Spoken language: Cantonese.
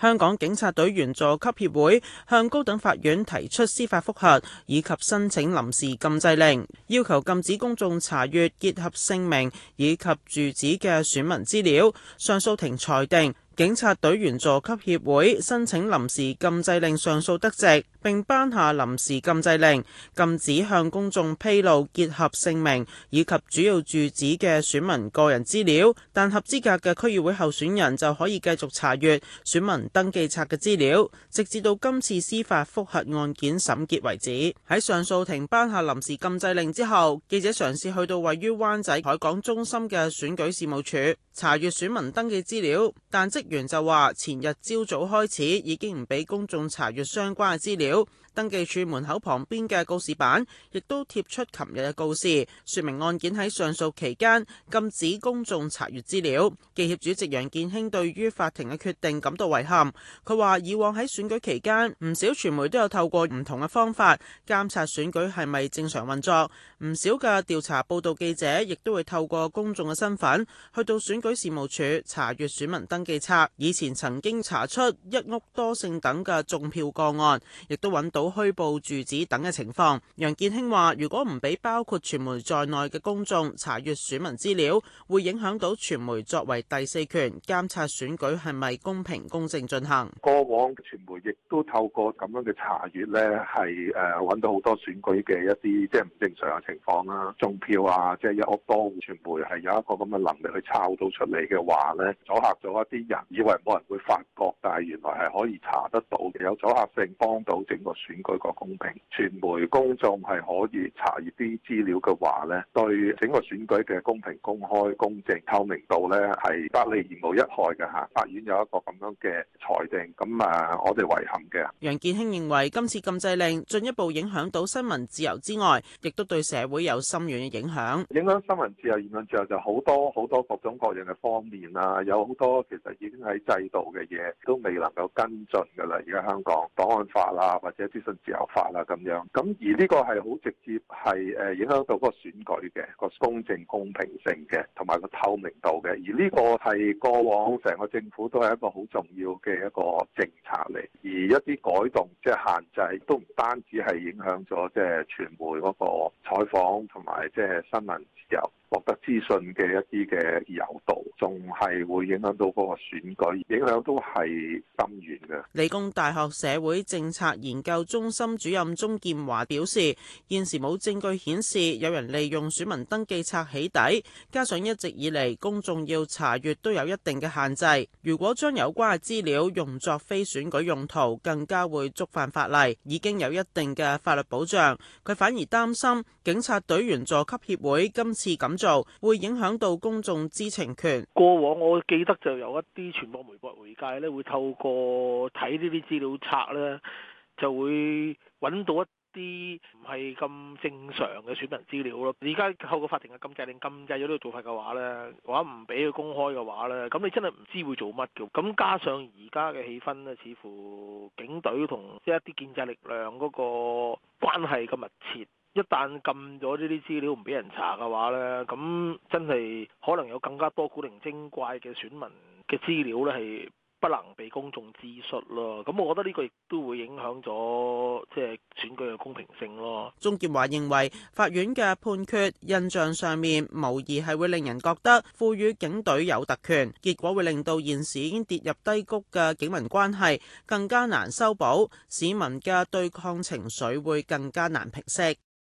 香港警察隊員佐級協會向高等法院提出司法覆核，以及申請臨時禁制令，要求禁止公眾查閱結合姓名以及住址嘅選民資料。上訴庭裁定，警察隊員佐級協會申請臨時禁制令上訴得直，並頒下臨時禁制令，禁止向公眾披露結合姓名以及主要住址嘅選民個人資料，但合資格嘅區議會候選人就可以繼續查閱選民登記冊嘅資料，直至到今次司法覆核案件審結為止。喺上訴庭頒下臨時禁制令之後，記者嘗試去到位於灣仔海港中心嘅選舉事務處查閱選民登記資料，但即源就話：前日朝早開始已經唔俾公眾查閱相關嘅資料。登記處門口旁邊嘅告示板亦都貼出琴日嘅告示，說明案件喺上訴期間禁止公眾查閱資料。記協主席楊健興對於法庭嘅決定感到遺憾。佢話：以往喺選舉期間，唔少傳媒都有透過唔同嘅方法監察選舉係咪正常運作，唔少嘅調查報導記者亦都會透過公眾嘅身份去到選舉事務處查閱選民登記冊。以前曾經查出一屋多姓等嘅種票個案，亦都揾到虛報住址等嘅情況。楊健興話：如果唔俾包括傳媒在內嘅公眾查閱選民資料，會影響到傳媒作為第四權監察選舉係咪公平公正進行。過往傳媒亦都透過咁樣嘅查閲，呢係誒，揾到好多選舉嘅一啲即係唔正常嘅情況啦，種票啊，即係一屋多。傳媒係有一個咁嘅能力去抄到出嚟嘅話呢，阻嚇咗一啲人。以為冇人會發覺，但係原來係可以查得到嘅，有阻嚇性，幫到整個選舉個公平。傳媒公眾係可以查閱啲資料嘅話呢，對整個選舉嘅公平、公開、公正、透明度呢係百利而冇一害嘅嚇。法院有一個咁樣嘅裁定，咁啊，我哋遺憾嘅。楊健興認為今次禁制令進一步影響到新聞自由之外，亦都對社會有深遠嘅影響。影響新聞自由、言論自由就好多好多各種各樣嘅方面啊，有好多其實喺制度嘅嘢都未能夠跟進嘅啦，而家香港檔案法啦，或者資訊自由法啦，咁樣，咁而呢個係好直接係誒影響到嗰個選舉嘅個公正、公平性嘅，同埋個透明度嘅，而呢個係過往成個政府都係一個好重要嘅一個政策嚟，而一啲改動即係限制都唔單止係影響咗即係傳媒嗰個採訪同埋即係新聞自由。獲得資訊嘅一啲嘅自由度，仲係會影響到嗰個選舉，影響都係深遠嘅。理工大學社會政策研究中心主任鍾建華表示：現時冇證據顯示有人利用選民登記冊起底，加上一直以嚟公眾要查閱都有一定嘅限制。如果將有關嘅資料用作非選舉用途，更加會觸犯法例，已經有一定嘅法律保障。佢反而擔心警察隊員佐級協會今次咁。做會影響到公眾知情權。過往我記得就有一啲傳播媒博媒介咧，會透過睇呢啲資料冊咧，就會揾到一啲唔係咁正常嘅選民資料咯。而家透過法庭嘅禁制令禁制咗呢個做法嘅話咧，話唔俾佢公開嘅話咧，咁你真係唔知會做乜嘅。咁加上而家嘅氣氛咧，似乎警隊同即一啲建制力量嗰個關係咁密切。一旦禁咗呢啲資料唔俾人查嘅話咧，咁真係可能有更加多古靈精怪嘅選民嘅資料咧，係不能俾公眾知悉咯。咁我覺得呢個亦都會影響咗即係選舉嘅公平性咯。鍾建華認為法院嘅判決印象上面，無疑係會令人覺得賦予警隊有特權，結果會令到現時已經跌入低谷嘅警民關係更加難修補，市民嘅對抗情緒會更加難平息。